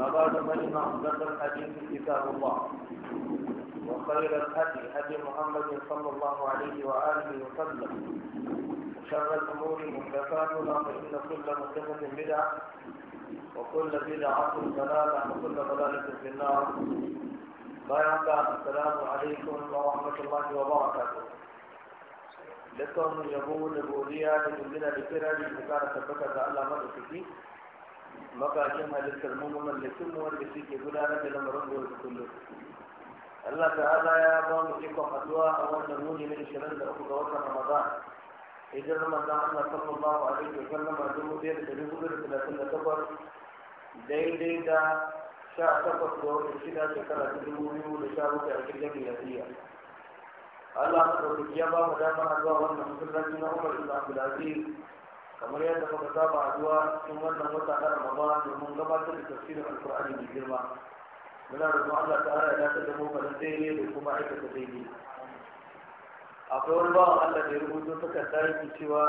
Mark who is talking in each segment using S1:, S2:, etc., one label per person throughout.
S1: أما بعد فإن أصدق الحديث كتاب الله وخير الهدي هدي محمد صلى الله عليه وآله وسلم وشر الأمور محدثاتها فإن كل محدثة بدعة وكل بدعة ضلالة وكل ضلالة في النار بارك السلام عليكم ورحمة الله وبركاته لكم يقول بوليا من الكرة لكم كانت تبكت على مدى makashin halittar mu mamallakin mu wanda suke gudanar da lamarin gobe da kullum Allah ta'ala ya ba mu ikon addu'a a wannan muni na 23 ga watan Ramadan Idan manzon Allah sallallahu alaihi wa sallam a dubu ɗaya da ɗari hudu da talatin da takwas daidai da sha takwas ga watan shida shekara ta dubu biyu da sha bakwai a kirgin miladiya Allah ta ya ba mu damar addu'a wannan musulunci na Umar ibn Abdulaziz kamar yadda muka saba aduwa cikin wannan wata na Ramadan domin gabatar da tafsirin Alkur'ani mai girma muna kuma Allah ta'ala ya dace da mu kan daidai da kuma aikata daidai akwai wani bawan Allah da ya rubuto takarda yake cewa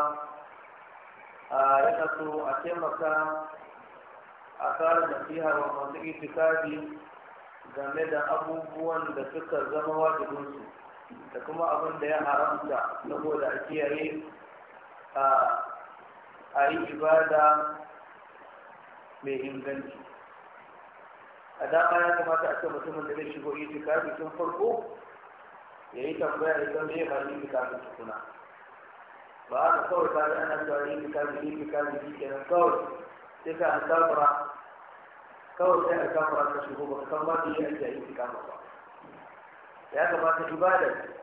S1: a yana so a taimaka a kara nasiha wa masu itikadi game da abubuwan da suka zama wajibinsu da kuma abin da ya haramta saboda a kiyaye a yi ibada mai inganci a dama ya kamata a ce mutumin da zai shigo itikafi tun farko ya yi tambaya da san zai bari itikafi tukuna ba a ka kawai kare ana cewa itikafi itikafi shi kenan kawai sai ka an kawai sai an sabara ka shigo ba ka san ba da yi ake itikafi ba ya kamata ibada